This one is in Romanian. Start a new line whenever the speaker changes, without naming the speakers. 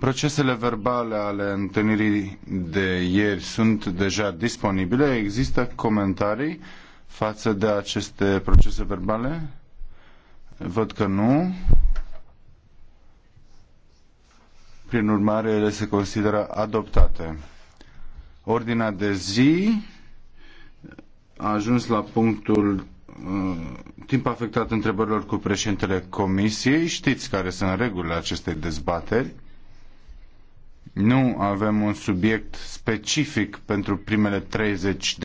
Procesele verbale ale întâlnirii de ieri sunt deja disponibile. Există comentarii față de aceste procese verbale? Văd că nu. Prin urmare, ele se consideră adoptate. Ordinea de zi a ajuns la punctul uh, timp afectat întrebărilor cu președintele Comisiei. Știți care sunt regulile acestei dezbateri nu avem un subiect specific
pentru primele 30 de